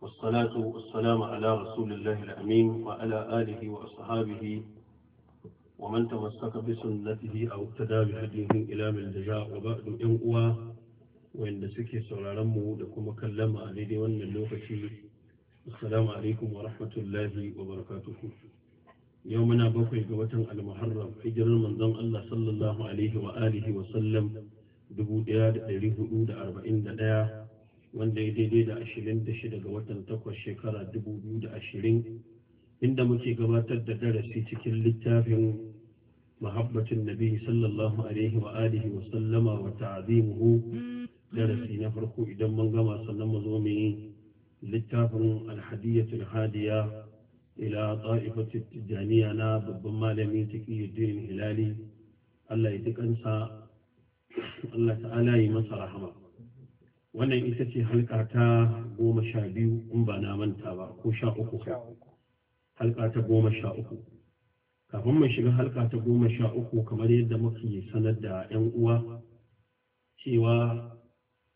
والصلاة والسلام على رسول الله الأمين وعلى آله وأصحابه ومن تمسك بسنته أو اقتدى بهديه إلى من جاء وبعد إنقوى وإن سكي سرارمه لكم كلم عليه وأن اللوكة السلام عليكم ورحمة الله وبركاته يومنا بقي قوة المحرم حجر المنظم الله صلى الله عليه وآله وسلم دبو دياد أريه أود أربعين دقيقة wanda ya daidai da 26 ga watan 8 shekara 2020 inda muke gabatar da darasi cikin littafin mahabbatin nabi sallallahu alaihi wa alihi wa sallama wa ta'zimuhu darasi na farko idan mun gama sannan mu zo mu yi littafin alhadiyatul hadiya ila ta'ifatit tijaniya na babban malami taqiyuddin hilali Allah ya ji kansa Allah ta'ala yi masa rahama wannan ita ce halka ta goma sha biyu in ba na manta ba ko sha uku halka ta goma sha uku kafin mai shiga halka ta goma sha uku kamar yadda muke sanar da 'yan uwa cewa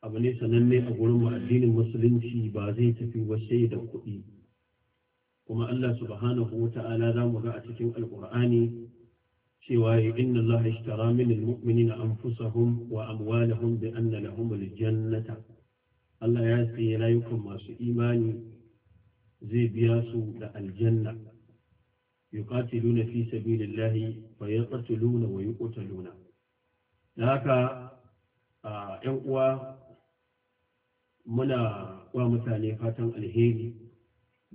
abu ne sananne a gurin addinin musulunci ba zai tafi ba da kuɗi kuma Allah subhanahu wa ta'ala za mu ga a cikin alƙur'ani cewa inna Allah ishtara min almu'minina anfusahum wa amwalahum bi anna lahum aljannata Allah ya sayi rayukan masu imani zai biya su da aljanna yuqatiluna fi sabilillahi fa yaqtuluna wa yuqtaluna da haka yan uwa muna wa mutane fatan alheri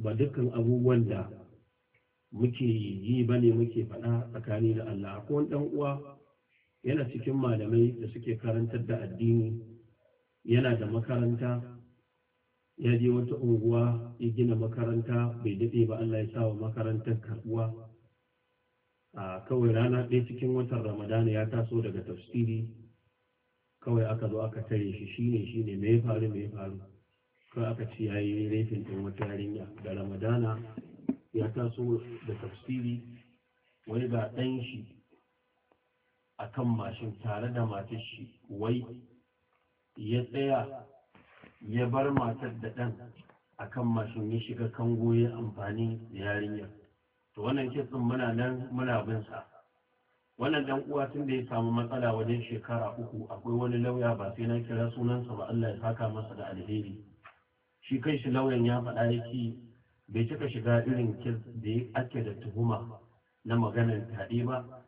ba dukkan abubuwan da muke yi ba ne muke faɗa tsakani da Allah ko wani ɗan uwa yana cikin malamai da suke karantar da addini yana da makaranta ya je wata unguwa ya gina makaranta bai daɗe ba Allah ya sawa makarantar karɓuwa a kawai rana ɗaya cikin watan ramadana ya taso daga tafsiri kawai aka zo aka tare shi shine shine me ya faru me faru kawai aka ci yayi laifin ɗin wata yarinya da ramadana ya taso da tafsiri wai ga ɗan shi akan kan mashin tare da matar shi wai ya tsaya ya bar matar da ɗan akan kan mashin ya shiga kango ya amfani da yarinyar to wannan kitsin muna nan muna bin sa wannan dan uwa tun da ya samu matsala wajen shekara uku akwai wani lauya ba sai na kira sunansa ba Allah ya saka masa da alheri shi kai shi lauyan ya faɗa yake bai cika shiga irin kes da ya ake da tuhuma na maganar taɗe ba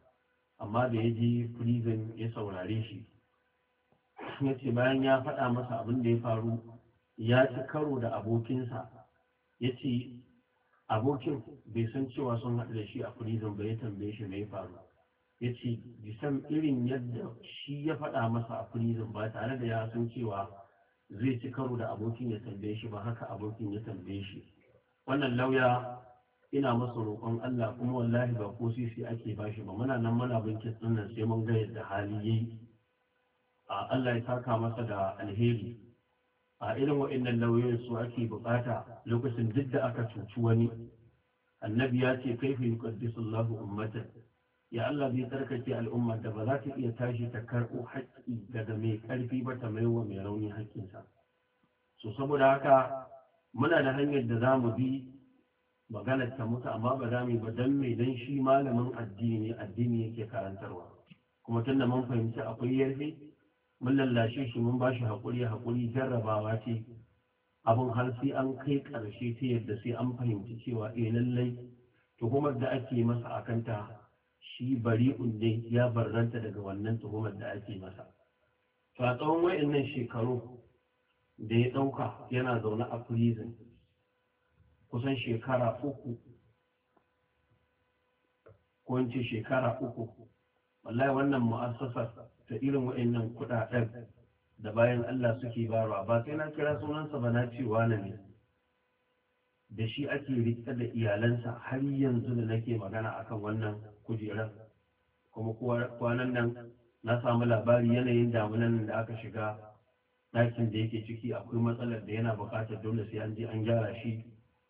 amma da ya ji prison ya saurare shi ya ce bayan ya faɗa masa abin da ya faru ya ci karo da abokinsa ya ce abokin bai san cewa sun haɗu da shi a prison ba ya tambaye shi mai faru ya ce bisan irin yadda shi ya faɗa masa a prison ba tare da ya san cewa zai ci karo da abokin ya tambaye shi ba haka abokin ya tambaye shi wannan lauya ina masa roƙon Allah kuma wallahi ba ko sisi ake bashi ba muna nan muna binkin tsinnan sai mun ga yadda hali yayi a Allah ya saka masa da alheri a irin waɗannan lauyoyin su ake bukata lokacin duk da aka cuci wani annabi ya ce kaifa yuqaddisu Allahu ummatan ya Allah zai tsarkake al'umma da ba za ta iya tashi ta karɓo haƙƙi daga mai ƙarfi ba ta maiwa mai rauni haƙƙinsa so saboda haka muna da hanyar da za mu bi maganar ta mutu amma ba za mu yi ba dan mai dan shi malamin addini addini yake karantarwa kuma tunda mun fahimci akwai yarfe mun lallashe shi mun ba shi haƙuri haƙuri jarrabawa ce abin har sai an kai ƙarshe ta yadda sai an fahimci cewa e lallai tuhumar da ake masa a kanta shi bari ne ya barranta daga wannan tuhumar da ake masa to a tsawon wayannan shekaru da ya ɗauka yana zaune a prison kusan shekara uku ko in shekara uku wallahi wannan mu'assasa ta irin wa'annan kuɗaɗen da bayan Allah suke barwa ba sai na kira sunansa ba na cewa na ne da shi ake rike da iyalansa har yanzu da nake magana akan wannan kujerar kuma kwanan nan na samu labari yanayin damunan da aka shiga ɗakin da yake ciki akwai matsalar da yana buƙatar dole sai an je an gyara shi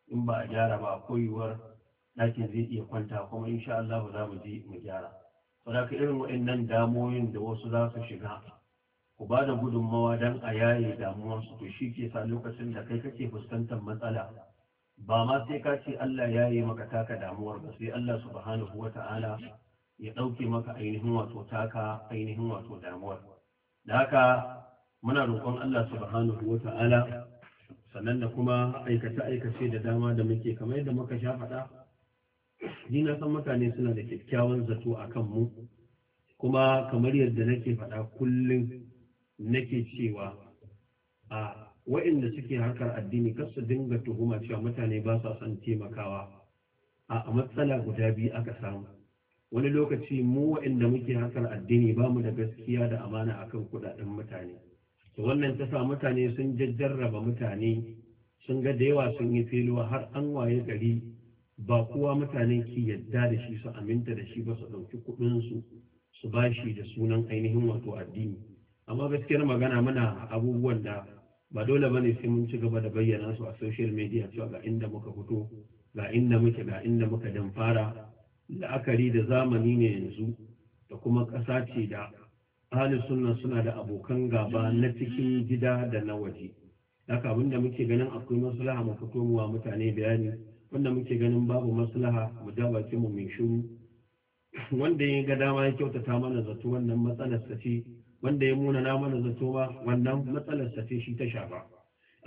in ba a gyara ba akwai yiwuwar ɗakin zai iya kwanta kuma in sha Allah za mu je mu gyara ka irin waɗannan damoyin da wasu za su shiga ku ba da gudunmawa don a yaye damuwarsu to shi ke sa lokacin da kai kake fuskantar matsala ba ma sai ka ce Allah ya yi maka taka damuwar ba sai Allah subhanahu wa ta'ala ya ɗauke maka ainihin wato taka ainihin wato damuwar da haka muna roƙon Allah subhanahu wa ta'ala sannan da kuma aikace aikace da dama da muke kamar yadda muka sha faɗa ni na san mutane suna da kyakkyawan zato a kan mu kuma kamar yadda nake faɗa kullum nake cewa a wa'inda suke harkar addini kar su dinga tuhuma cewa mutane ba sa son taimakawa a matsala guda biyu aka samu wani lokaci mu wa'inda muke harkar addini ba mu da gaskiya da amana akan kuɗaɗen mutane da wannan ta sa mutane sun jajjarraba mutane sun ga da yawa sun yi filuwa har an waye gari ba kowa mutane ki yadda da shi su aminta da shi ba su ɗauki kuɗinsu su ba shi da sunan ainihin wato addini amma gaskiyar magana muna abubuwan da ba dole ba ne sai mun ci gaba da bayyana su a social media cewa ga inda muka fito ga inda muke ga inda muka dan fara la'akari da zamani ne yanzu da kuma ƙasa ce da ahalin sunna suna da abokan gaba na cikin gida da na waje haka abinda muke ganin akwai maslaha mu fito wa mutane bayani wanda muke ganin babu maslaha mu ja bakin mu mai shiru wanda ya ga dama ya kyautata mana zato wannan matsalar sa ce wanda ya munana mana zato ba wannan matsalar sa ce shi ta shafa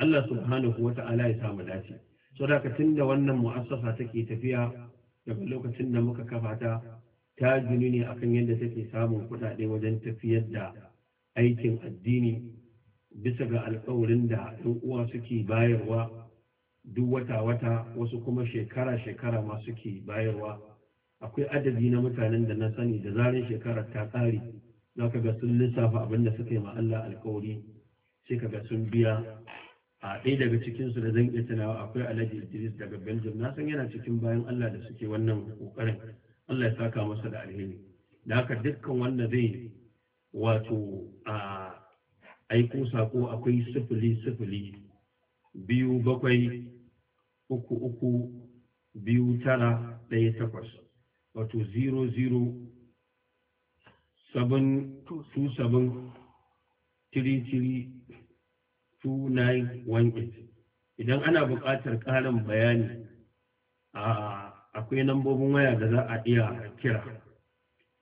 Allah subhanahu wata'ala ya samu dace saboda tunda wannan mu'assasa take tafiya daga lokacin da muka kafa ta ta gini ne akan yadda take samun kuɗaɗe wajen tafiyar da aikin addini bisa ga alkawarin da ɗan uwa suke bayarwa duk wata-wata wasu kuma shekara-shekara ma suke bayarwa akwai adadi na mutanen da na sani da zarin shekarar ta ƙare za ka ga sun lissafa abin da suka yi ma Allah alkawari sai ka ga sun biya a ɗaya daga cikinsu da zan iya tunawa akwai alhaji idris daga belgium na san yana cikin bayan allah da suke wannan ƙoƙarin Allah ya saka masa da alheri da haka dukkan wanda zai wato a aiko sako akwai sifili sifili biyu bakwai uku uku biyu tara ɗaya takwas wato zero seven two seven three three two nine one eight idan ana buƙatar ƙarin bayani a akwai lambobin waya da za a iya kira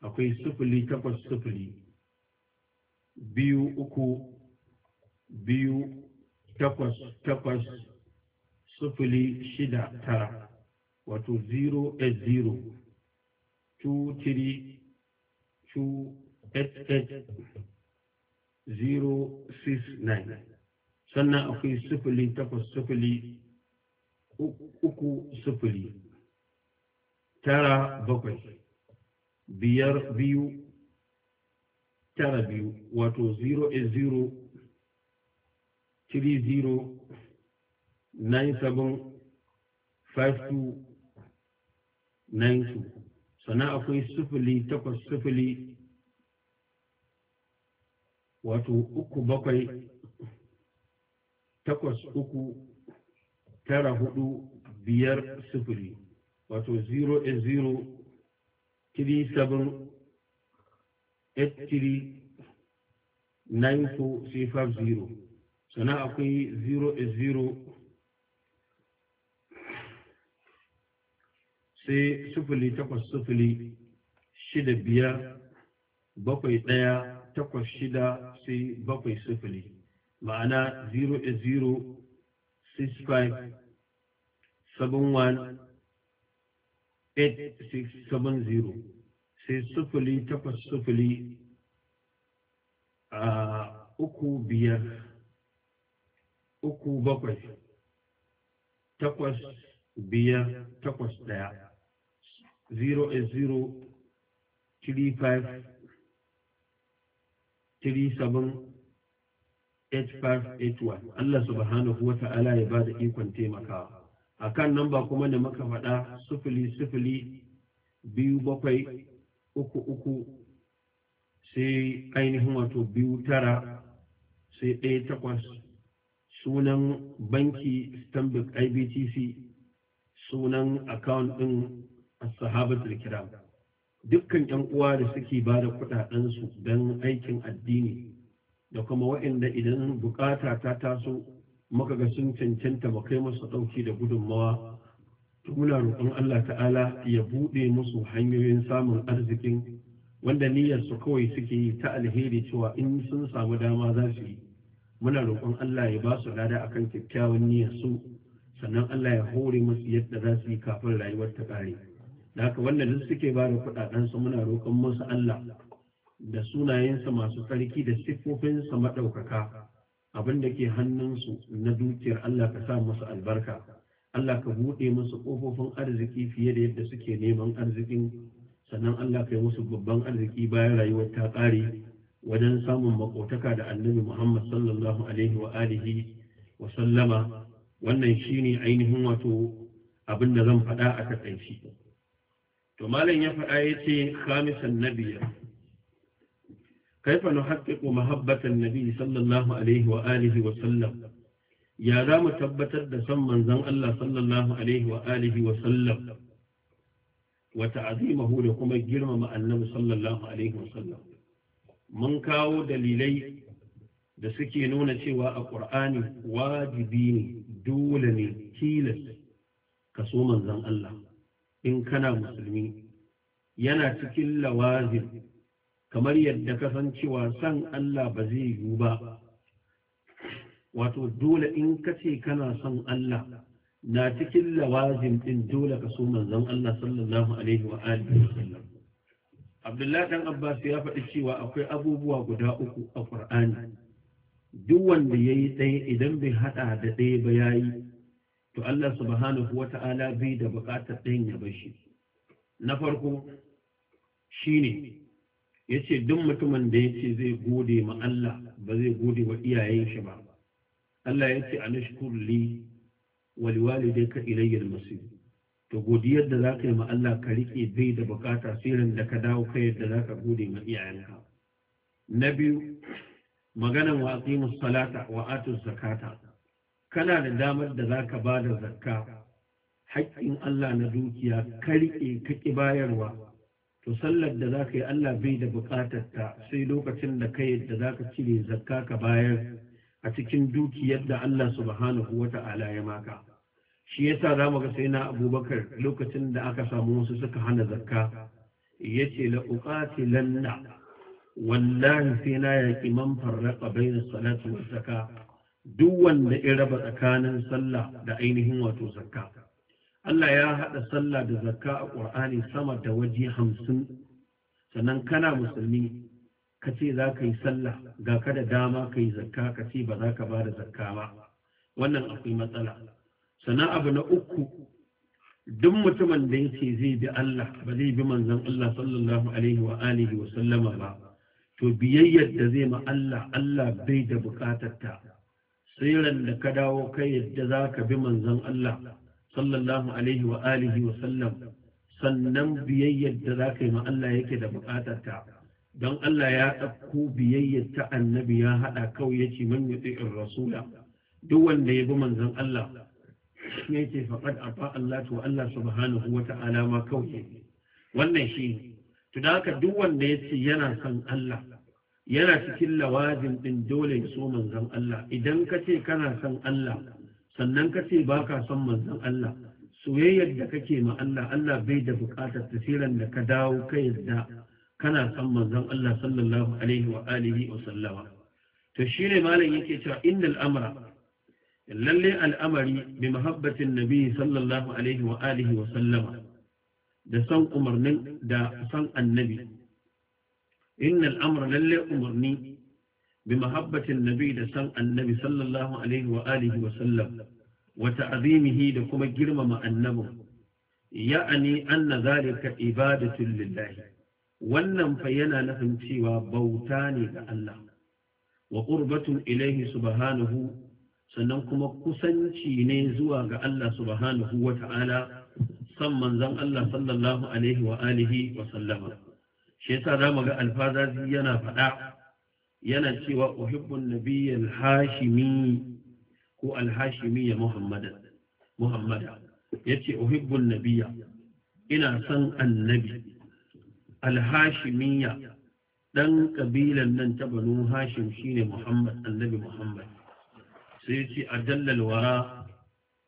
akwai sufuli takwas sufuli biyu uku biyu takwas takwas sufuli shida tara wato 080 23 288 sannan akwai sufuli takwas sufuli uku sufuli tara bakwai biyar biyu tara biyu wato 080 30 97 52 92 sannan akwai sufuli takwas sufuli wato uku bakwai takwas uku tara hudu biyar sufuri wato 08037839450 37 sannan akwai 08037839450 sai sufuli takwas sufuli shida biyar ɗaya takwas shida sai bakwai ma'ana 0 8670 sai sufuli takwas sufuli 8581 Allah subhanahu wa ta'ala ya ba da ikon taimakawa a kan namba kuma da muka faɗa sufuli sufuli biyu bakwai uku uku sai ainihin wato biyu tara sai ɗaya takwas sunan banki stanbic ibtc sunan account ɗin sahabatul kiram dukkan yan uwa da suke ba da kuɗaɗensu don aikin addini da kuma waɗanda idan bukata ta taso muka ga sun cancanta mu kai masa ɗauki da gudunmawa to muna roƙon Allah ta'ala ya buɗe musu hanyoyin samun arzikin wanda niyyarsu kawai suke yi ta alheri cewa in sun samu dama za su yi muna roƙon Allah ya ba su lada akan kyakkyawan niyyarsu sannan Allah ya hore musu yadda za su yi kafin rayuwar ta ƙare da haka wanda duk suke ba da kuɗaɗensu muna roƙon musu Allah da sunayensa masu tsarki da siffofinsa maɗaukaka abin da ke hannunsu na dukiyar Allah ka sa musu albarka Allah ka buɗe musu ƙofofin arziki fiye da yadda suke neman arzikin sannan Allah ka yi musu babban arziki bayan rayuwar ta ƙare wajen samun makotaka da annabi Muhammad sallallahu alaihi wa alihi wa sallama wannan shine ainihin wato abin da zan faɗa a takaici to malam ya faɗa ya yace khamisan nabiyya كيف نحقق محبة النبي صلى الله عليه وآله وسلم يا رام تبتد سما زن الله صلى الله عليه وآله وسلم وتعظيمه لكم الجرم مع النبي صلى الله عليه وسلم من كاو دليلي da suke nuna cewa a ƙur'ani wajibi ne dole ne tilas ka so manzan Allah in kana musulmi yana cikin lawazin kamar yadda ka san Allah ba zai yiwu ba wato dole in ka ce kana son Allah na cikin lawazim din dole ka so manzon Allah sallallahu alaihi wa alihi wasallam Abdullah dan Abbas ya faɗi cewa akwai abubuwa guda uku a Qur'ani duk wanda yayi ɗaya idan bai hada da ɗaya ba yayi to Allah subhanahu wata'ala bai da buƙatar ɗayan ya bar shi na farko shine ya ce duk mutumin da ya ce zai gode ma Allah ba zai gode wa iyayen shi ba Allah ya ce a nashkur li wali walidai ka ilayyar masu to godiyar da za ka yi ma Allah ka riƙe bai da bukata sirrin da ka dawo kai yadda za ka gode ma iyayenka na biyu maganan wa aqimus salata wa atuz zakata kana da damar da za ka ba da zakka haƙƙin Allah na dukiya ka riƙe ka ƙi bayarwa to sallar da za ka yi Allah bai da buƙatar ta sai lokacin da kai da za ka cire zakka ka bayar a cikin dukiyar da Allah subhanahu wa ta'ala ya maka shi yasa za mu ga sai na abubakar lokacin da aka samu wasu suka hana zakka ya ce la uqatilanna wallahi sai na yaƙi man farraqa bayna salati wa zakka duk wanda ya raba tsakanin sallah da ainihin wato zakka Allah ya haɗa sallah da zakka a ƙur'ani sama da waje hamsin sannan kana musulmi ka ce za ka yi sallah ga ka da dama ka yi zakka ka ce ba za ka ba da zakka ba wannan akwai matsala sannan abu na uku duk mutumin da ya ce zai bi Allah ba zai bi manzon Allah sallallahu alaihi wa alihi wa sallama ba to biyayyar da zai ma Allah Allah bai da bukatar ta sai ran da ka dawo kai yadda za ka bi manzon Allah sallallahu alaihi wa alihi wa sallam sannan biyayyar da za ka yi ma Allah yake da buƙatar ta don Allah ya ɗauko biyayyar ta annabi ya haɗa kawai ya ce man yuti'ir rasula duk wanda ya bi manzon Allah ya ce faqad afa Allah to Allah subhanahu wa ta'ala ma kawai wannan shi to da haka duk wanda ya ce yana son Allah yana cikin lawazin din dole ya so manzon Allah idan ka ce kana son Allah sannan ka ce ba ka son manzon Allah soyayyar da kake ma Allah Allah bai da buƙatar tasirin da ka dawo ka yarda kana son manzon Allah sallallahu alaihi wa alihi wa sallama to shine malam yake cewa innal amra lalle al'amari bi mahabbatin nabi sallallahu alaihi wa alihi wa sallama da san umarnin da san annabi innal amra lalle umarni bi mahabbatin nabi da san annabi sallallahu alaihi wa alihi wa sallam wa ta'zimihi da kuma girmama annabi ya'ani anna zalika ibadatun lillahi wannan fa yana nufin cewa bauta ne ga Allah wa qurbatun ilaihi subhanahu sannan kuma kusanci ne zuwa ga Allah subhanahu wa ta'ala san manzon Allah sallallahu alaihi wa alihi wa sallama shi yasa zamu ga alfazazi yana faɗa yana cewa uhibbun nabiyyal hashimi ko alhashimi ya muhammadan muhammada uhibbun nabiyya ina son annabi alhashimiyya dan kabilan nan ta banu hashim shine muhammad annabi muhammad sai yace dallal wara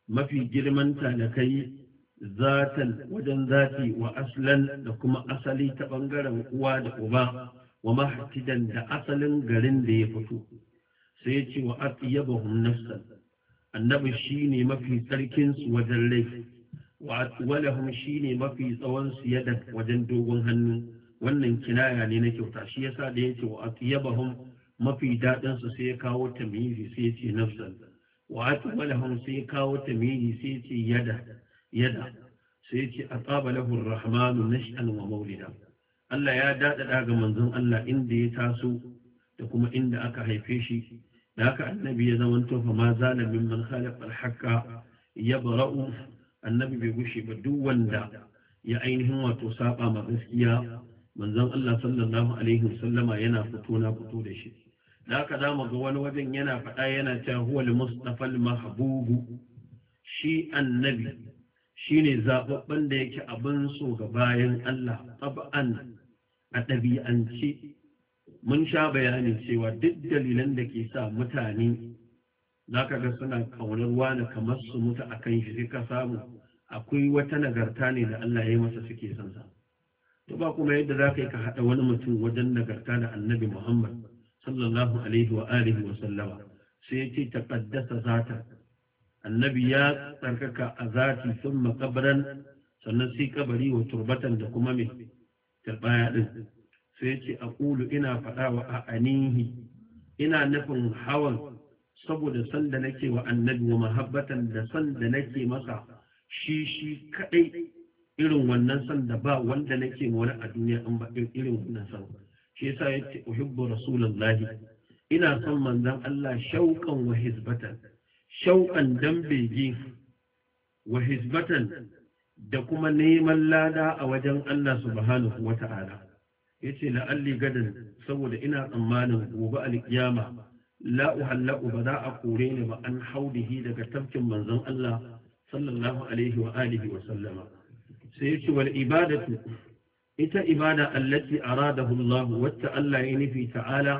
mafi girman kai zatan wajen zati wa aslan da kuma asali ta bangaren uwa da uba wa mahtidan da asalin garin da ya fito sai ya ce wa atyabahum nafsan annabi shine mafi tsarkin su wajen laifi wa atwalahum shine mafi tsawon su yada wajen dogon hannu wannan kinaya ne na kyauta shi yasa da yace wa atyabahum mafi dadin su sai ya kawo tamizi sai ya ce nafsan wa atwalahum sai ya kawo tamizi sai ya ce yada yada sai ya ce ataba lahu arrahmanu nash'an wa mawlida Allah ya daɗaɗa ga manzon Allah inda ya taso da kuma inda aka haife shi da haka annabi ya zama tofa ma zalamin man khalaq al ya bara'u annabi bai gushe ba duk wanda ya ainihin wato saba ma gaskiya manzon Allah sallallahu alaihi wasallama yana fito na fito da shi da haka za ga wani wajen yana faɗa yana ta huwa al-mustafa al-mahbubu shi annabi shine zababban da yake abin so ga bayan Allah tab'an a ɗabi'ance mun sha bayanin cewa duk dalilan da ke sa mutane za ka ga suna ƙaunar wani kamar su mutu a kan shi ka samu akwai wata nagarta ne da Allah ya yi masa suke son sa to ba kuma yadda za ka yi ka haɗa wani mutum wajen nagarta da annabi Muhammad sallallahu alaihi wa alihi wa sallama sai ya ce taqaddasa zata annabi ya tsarkaka a zati sun makabran sannan sai kabari wa turbatan da kuma mai da baya din sai ce ƙulu ina faɗa wa anihi ina nufin hawan saboda san da nake wa annabi wa mahabbatan da san da nake masa shi shi kadai irin wannan san da ba wanda nake ma wani a duniya an ba irin wannan san shi yasa yace uhibbu rasulullahi ina son manzon Allah shauƙan wa hizbatan shauƙan dan bege wa hizbatan da kuma neman lada a wajen Allah subhanahu wa ta'ala ya ce la'alli gadan saboda ina tsammanin gobe alkiyama la'u hallaku ba za a kore ni ba an haudihi daga tafkin manzon Allah sallallahu alaihi wa alihi wa sallama sai ya ce wal ibadatu ita ibada allati aradahu Allah wacce Allah ya nufi ta'ala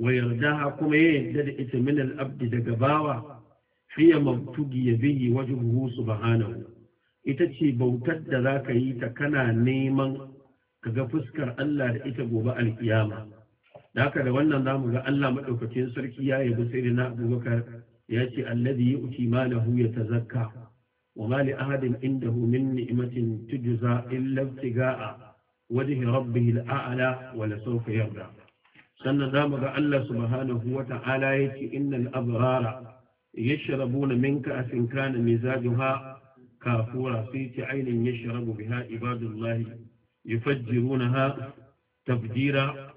wa yardaha kuma ya yarda da ita min abdi daga bawa hiya mabtugi bihi wajhuhu subhanahu ita ce bautar da za ka yi ta kana neman ka ga fuskar Allah da ita gobe alkiyama da haka da wannan za mu ga Allah maɗaukacin sarki ya yabi sai na abubakar ya ce alladhi yu'ti malahu yatazakka wa mali li ahadin indahu min ni'matin tujza illa ibtigaa wajhi rabbih al'ala wa la sawfa yarda sannan za mu ga Allah subhanahu wa ta'ala ya ce innal abrara yashrabuna min ka'sin kana mizajuha kafura sun ci ainihin ya shirabu biha ibadullahi ya fajjiruna ha tafjira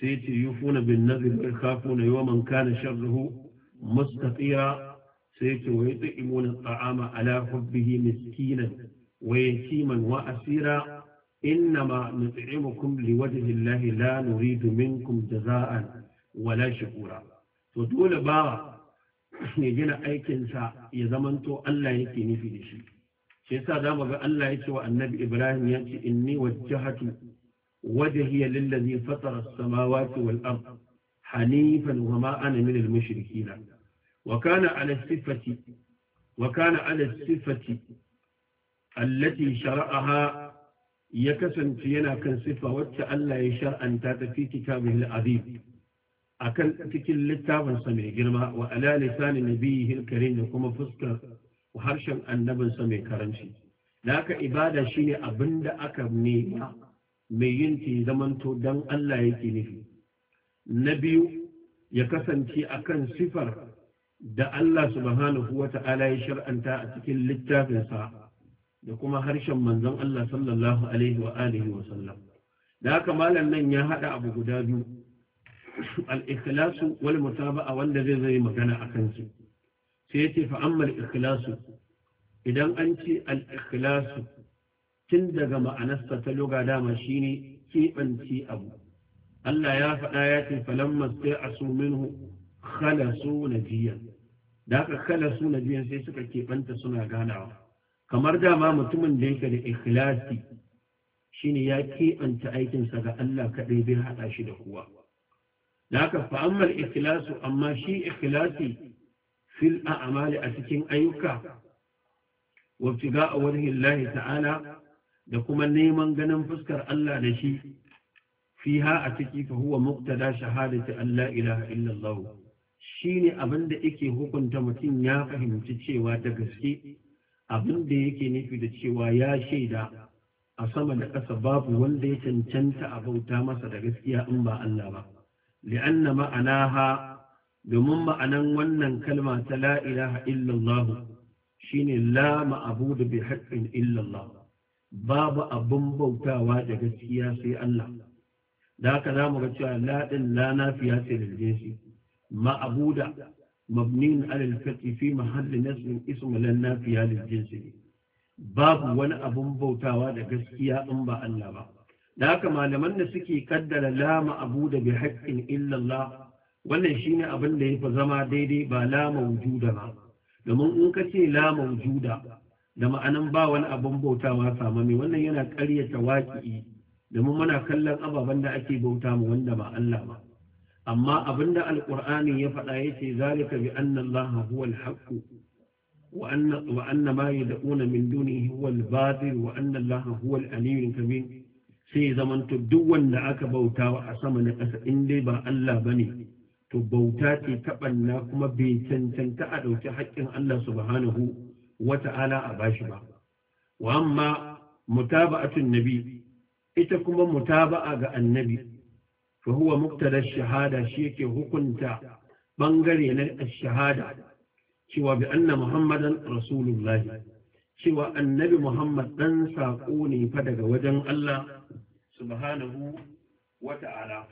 sai ci yi funa bin nazir bai kafu na yawan manka na sharruhu mustafira sai ci wai ta imunan tsa'ama ala hubbihi miskinan wai kiman wa asira inna ma nutsi'imukum liwajihi lahi la nuridu minkum jaza'an wala shakura to dole ba ya gina aikinsa ya zamanto Allah yake nufi da shi shi yasa za mu ga Allah ya ce wa annabi Ibrahim ya ce inni wajjahatu wajhiya lillazi fatara as-samawati wal ard hanifan wa ma ana min al-mushrikeen wa kana ala sifati wa kana ala sifati allati shara'aha ya kasance yana kan sifa wacce Allah ya shar'anta ta fi kitabihi al-azim akan cikin littafinsa mai girma wa ala lisanin nabiyyi karim da kuma fuskar harshen annabinsa mai karanci da haka ibada shine abin da aka nema mai yin ta zamanto don Allah yake nufi na biyu ya kasance akan sifar da Allah subhanahu wa ta'ala ya shar'anta a cikin littafinsa da kuma harshen manzon Allah sallallahu alaihi wa wa sallam da haka malam nan ya haɗa abu guda biyu al-ikhlasu wal mutaba'a wanda zai zai magana akan su sai yace fa ammal ikhlasu idan an ce al ikhlasu tun daga ma'anarsa ta loga dama shine keɓanci abu Allah ya faɗa ya ce falamma sai asu minhu khalasu najiyan da aka khalasu najiyan sai suka keɓanta suna ganawa kamar dama mutumin da yake da ikhlasi shine ya keɓanta aikinsa ga Allah kaɗai bai haɗa shi da kowa da haka fa'ammal ikhlasu amma shi ikhlasi fil a'mali a cikin ayyuka wa a wajhi Allah ta'ala da kuma neman ganin fuskar Allah da shi fiha a ciki fa huwa muqtada shahadati an la ilaha illa Allah shine abin da yake hukunta mutum ya fahimci cewa da gaske abin da yake nufi da cewa ya shaida a sama da ƙasa babu wanda ya cancanta a bauta masa da gaskiya in ba Allah ba li'anna ma'anaha domin ma'anan wannan kalma ta la ilaha illallah shine la ma'budu bi haqqin illallah babu abun bautawa da gaskiya sai Allah da haka zamu ga cewa la din la nafiya ce da jinsi ma'buda Mabnin ala al-fath fi mahalli nasb ism la nafiya lil jinsi babu wani abun bautawa da gaskiya in ba Allah ba da haka malaman da suke kaddara la ma'buda bi haqqin illallah wannan shine abin da ya fi zama daidai ba lama Juda ba domin in ka ce la mawjuda da ma'anan ba wani abin bauta ma samami wannan yana ƙaryata waƙi domin muna kallon ababen da ake bauta mu wanda ba Allah ba amma abinda alƙur'ani ya faɗa yace zalika bi anna Allah huwa al-haqq wa anna wa anna ma yad'una min dunihi huwa al-batil wa anna Allah huwa al kabir sai zamanto duk wanda aka bauta wa a sama na ƙasa in dai ba Allah bane to bauta ce ta ɓanna kuma bai cancanta a ɗauki haƙƙin Allah subhanahu wa ta'ala a bashi ba wa amma mutaba'atun nabi ita kuma mutaba'a ga annabi fa huwa muqtada shahada shi yake hukunta bangare na shahada cewa bi anna muhammadan rasulullahi cewa annabi muhammad dan saƙo ne fa daga wajen Allah subhanahu wa ta'ala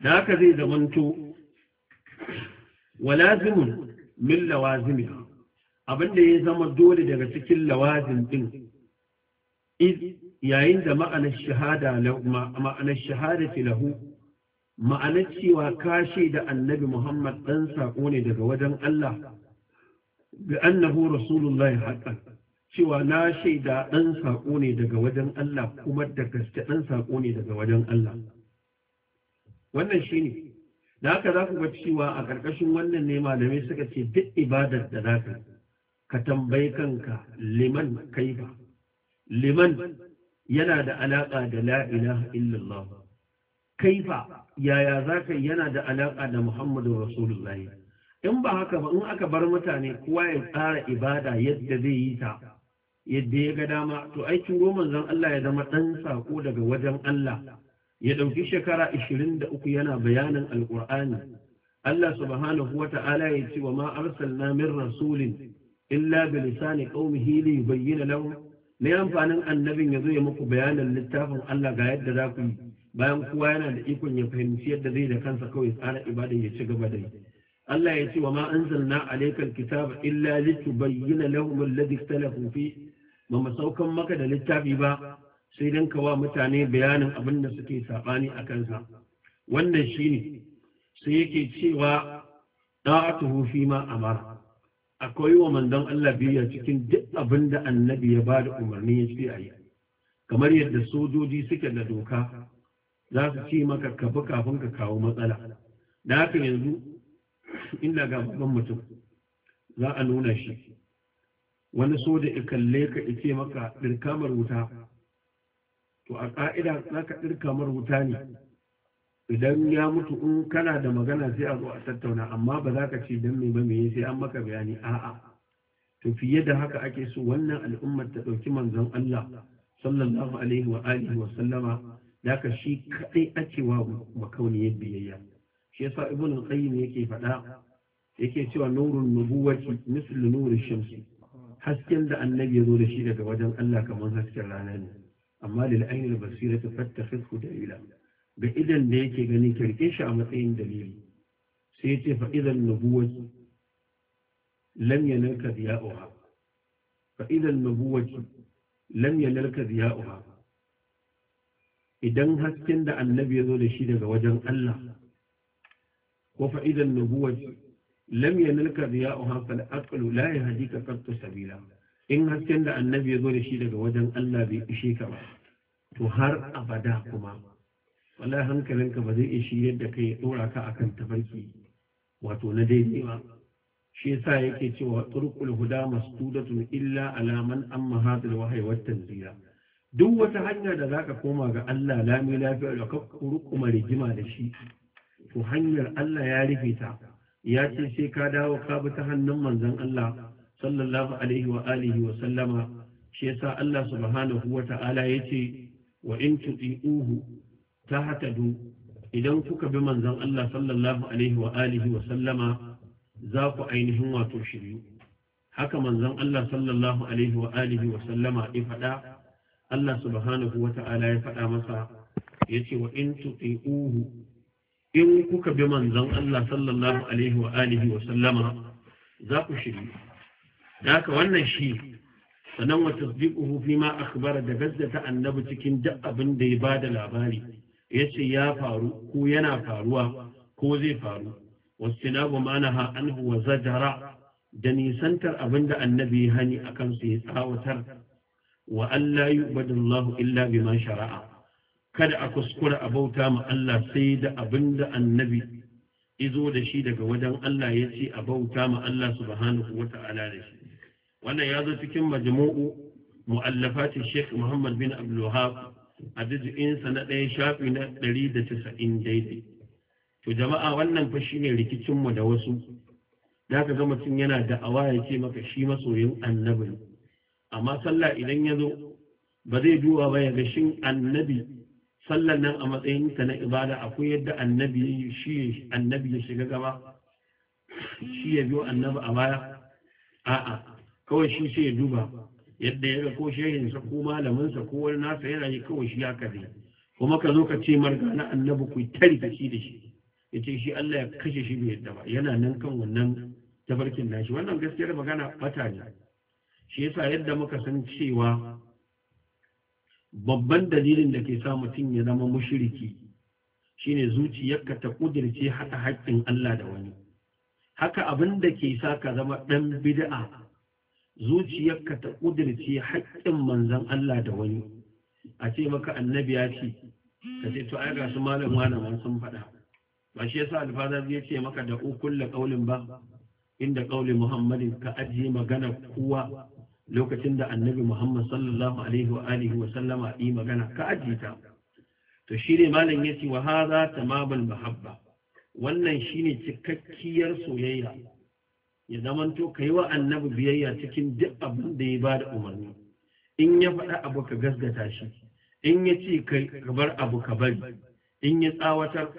da haka zai zamanto wa lazimun min lawazimiha abin da ya zama dole daga cikin lawazim din yayin da ma'anar shahada ma'anar shahadati lahu ma'anar cewa kashe da annabi Muhammad ɗan saƙo ne daga wajen Allah bi annahu rasulullahi haqqan cewa na shaida ɗan saƙo ne daga wajen Allah kuma da gaske ɗan saƙo ne daga wajen Allah wannan shine da haka za ku ga cewa a ƙarƙashin wannan ne malamai suka ce duk ibadar da za ka ka tambayi kanka liman kaifa liman yana da alaƙa da la ilaha illallah kaifa yaya za ka yana da alaƙa da muhammadu rasulullahi in ba haka ba in aka bar mutane kowa ya tsara ibada yadda zai yi ta yadda ya ga dama to aikin goma zan Allah ya zama ɗan saƙo daga wajen Allah ya ɗauki shekara da uku yana bayanin alƙur'ani Allah subhanahu wa ta'ala ya ce wa ma arsalna min rasulin illa bi lisani qaumihi li yubayyana lahum ne amfanin annabin yazo ya muku bayanin littafin Allah ga yadda za ku yi bayan kowa yana da ikon ya fahimci yadda zai da kansa kawai tsara ibadan ya ci gaba da yi Allah ya ce wa ma anzalna alaykal kitaba illa litubayyana lahum alladhi ikhtalafu fi ba mu saukan maka da littafi ba sai don kawa mutane bayanin abin da suke saɓani a kansa wannan shi ne sai yake cewa ɗa'atuhu fi ma amara akwai wa manzon Allah biyya cikin duk abin da annabi ya ba da umarni ya ce a yi kamar yadda sojoji suke da doka za su ce maka ka bi kafin ka kawo matsala da haka yanzu inda ga babban mutum za a nuna shi wani soja ya kalle ka ya ce maka ɗirkamar wuta to a ƙa'ida za ka ɗirka wuta ne idan ya mutu in kana da magana sai a zo a tattauna amma ba za ka ce don mai ba me sai an maka bayani a'a to fiye da haka ake so wannan al'ummar ta ɗauki manzon Allah sallallahu alaihi wa alihi wa sallama da ka shi kaɗai ake wa makauniyar biyayya shi yasa ibn qayyim yake faɗa yake cewa nurun nubuwati mislu nuri shamsi hasken da annabi ya zo da shi daga wajen Allah kamar hasken rana ne amma lil ainil basira ta fattakhidhu dalila ga idan da yake ganin kirke shi a matsayin dalili sai ce fa idan nubuwat lam yanalka diya'uha fa idan nubuwat lam yanalka diya'uha idan hasken da annabi ya zo da shi daga wajen Allah ko fa idan nubuwat lam yanalka diya'uha fal aqlu la yahdika qattu sabila in hasken da annabi ya zo da shi daga wajen Allah bai ishe ka ba to har abada kuma wallahi hankalinka ba zai ishi yadda kai ya dora ka akan tafarki wato na daidai ba shi yasa yake cewa turqul huda masdudatun illa ala man amma hadal wahyi wat tanzila duk wata hanya da zaka koma ga Allah lami lafiya da ka kurkuma rigima da shi to hanyar Allah ya rufe ta ya ce sai ka dawo ka bi ta hannun manzon Allah sallallahu alaihi wa alihi wa sallama shi yasa Allah subhanahu wa ta'ala ce wa in tuti'uhu tahtadu idan kuka bi manzon Allah sallallahu alaihi wa alihi wa sallama za ku ainihin wato shiryu haka manzon Allah sallallahu alaihi wa alihi wa sallama ya faɗa Allah subhanahu wa ta'ala ya faɗa masa ya ce wa in tuti'uhu in kuka bi manzon Allah sallallahu alaihi wa alihi wa sallama za ku shiryu Daka haka wannan shi sannan wa tasdiquhu fi ma akhbara da gazzata annabi cikin duk abin da ya bada labari yace ya faru ko yana faruwa ko zai faru wastinabu manaha anhu wa zajara da nisantar abin da annabi ya hani akan su ya tsawatar wa Allah yubadallahu illa bima shara'a kada a kuskura a bauta ma Allah sai da abin da annabi izo da shi daga wajen Allah ya ce a bauta ma Allah subhanahu wa ta'ala da shi wannan ya zo cikin majmu'u mu'allafati Sheikh Muhammad bin Abdul Wahhab a sa na ɗaya shafi na 190 daidai to jama'a wannan fa shine rikicin mu da wasu da ka ga mutum yana da'awa ya ce maka shi masoyin annabi amma sallah idan ya zo ba zai duba ba ya ga shin annabi sallan nan a matsayin ta na ibada akwai yadda annabi shi annabi ya shiga gaba shi ya biyo annabi a baya a'a kawai shi sai ya duba yadda ya ga ko shehinsa ko malaminsa ko wani nasa yana yi kawai shi ya kafe kuma ka zo ka ce marga na annabi ku tari da shi da shi ya ce shi Allah ya kashe shi bai yadda ba yana nan kan wannan tafarkin nashi wannan gaskiyar magana bata ne shi yasa yadda muka san cewa babban dalilin da ke sa mutum ya zama mushriki shine zuciyarka ta kudirce haɗa haƙƙin Allah da wani haka abin da ke sa ka zama ɗan bid'a zuciyarka ta ƙudirce haƙƙin manzan Allah da wani a ce maka annabi ya ce ka ce to ai ga su malam wani sun faɗa ba shi yasa alfazar ya ce maka da ukulla ƙaulin ba inda ƙaulin muhammadin ka ajiye magana kowa lokacin da annabi muhammad sallallahu alaihi wa alihi wa sallama yi magana ka ajiye ta to shi ne malam ya ce wa haza tamamul mahabba wannan shine cikakkiyar soyayya ya zamanto ka yi wa annabi biyayya cikin duk abin da ya ba da umarni in ya faɗa abu ka gasgata shi in ya ce ka bar abu ka bari in ya tsawatar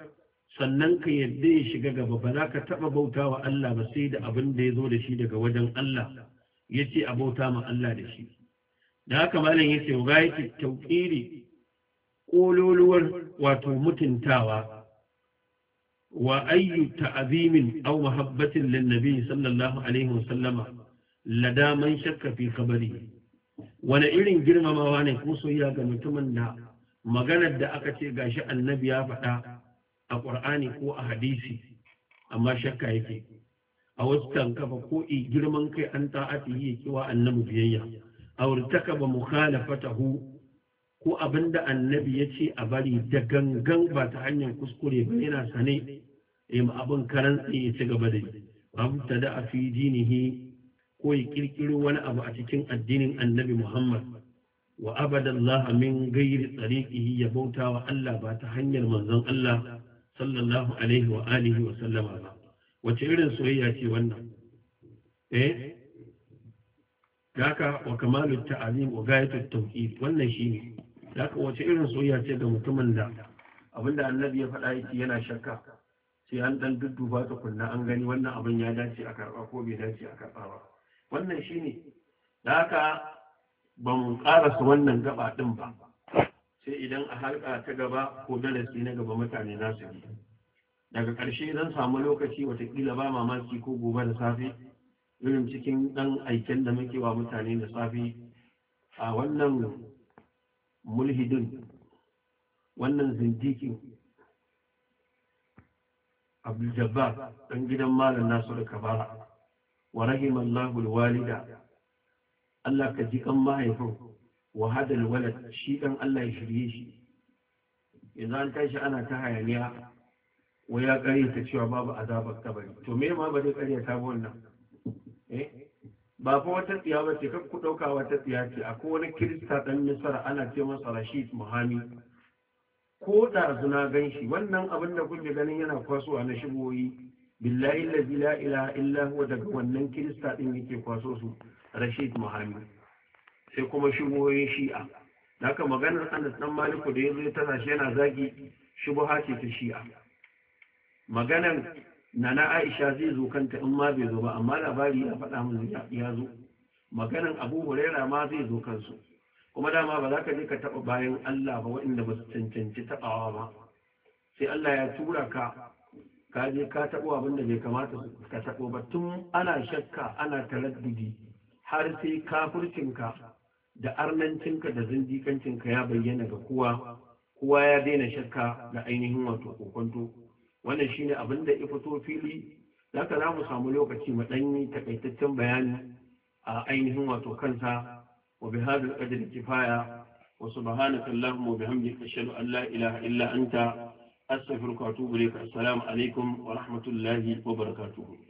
sannan ka yadda ya shiga gaba ba za ka taɓa bauta wa Allah ba sai da abin da ya zo da shi daga wajen Allah ya ce a bauta ma Allah da shi da haka malam ya ce ga yake tauƙiri ƙololuwar wato mutuntawa wa ayyu ta'zimin aw mahabbatin lin nabi sallallahu alaihi wasallama lada man shakka fi kabari wani irin girmamawa ne ko soyayya ga mutumin da maganar da aka ce gashi annabi ya faɗa a ƙur'ani ko a hadisi amma shakka yake a wasu kankafa, ko girman kai an ta'ati yi kiwa annabi biyayya a wurtaka ba mukhalafatahu ko abin da annabi ya ce a bari da gangan ba ta hanyar kuskure ba yana sane ya ma abin karan ya ci gaba da yi abu ta da a fi dinihi ko ya kirkiro wani abu a cikin addinin annabi muhammad wa abadallah min gairi tsariƙihi ya bauta wa allah ba ta hanyar manzon allah sallallahu alaihi wa alihi wa sallama ba wace irin soyayya ce wannan eh haka wa kamalu ta'azim wa gayatu tawhid wannan shine da wace irin soyayya ce ga mutumin da abinda annabi ya faɗa yake yana shakka sai an dan dudduba kunna an gani wannan abin ya dace a karɓa ko bai dace a karɓa ba wannan shine da haka ba mu ƙarasa wannan gaba ɗin ba sai idan a harka ta gaba ko darasi na gaba mutane za su yi daga ƙarshe zan samu lokaci watakila ba mamaki ko gobe da safe irin cikin ɗan aiken da muke wa mutane da safe a wannan mulhidin wannan zindikin abdul-jabbar ɗan gidan malam nasu da kabara wa rahimallahu walida Allah ka ji kan mahaifin wa hadal walad shi dan Allah ya shirye shi yanzu an tashi ana ta hayaniya wa ya ƙaryata cewa babu azabar kabari to me ma ba zai ƙaryata wannan eh ba fa wata tsiya ba ce kan ku ɗauka wata tsiya ce akwai wani kirista ɗan misara ana ce masa rashid muhami ko da zuna gan shi wannan abin da kuke ganin yana kwasowa na shigoyi billahi lazi la ilaha illa huwa daga wannan kirista ɗin yake kwaso su rashid muhami sai kuma shigoyin shi'a haka maganar anas dan maliku da ya zo ta yana zagi shubuha ce ta shi'a maganar nana aisha zai zo kanta in ma bai zo ba amma labari ya faɗa mun ya zo maganan abu huraira ma zai zo kansu kuma dama ba za ka je ka taɓa bayan allah ba waɗanda ba su cancanci taɓawa ba sai allah ya tura ka ka je ka taɓo abinda bai kamata ka taɓo ba tun ana shakka ana taraddudi har sai kafircinka da arnancinka da zindikancinka ya bayyana ga kowa kowa ya daina shakka da ainihin wato kokonto wannan shine abin da ya fito fili zaka za mu samu lokaci mu yi takaitaccen bayani a ainihin wato kansa wa bi hadal qadri kifaya wa subhanaka allahumma wa hamdi ashhadu an la ilaha illa anta astaghfiruka wa atubu ilaik assalamu alaikum wa rahmatullahi wa barakatuhu.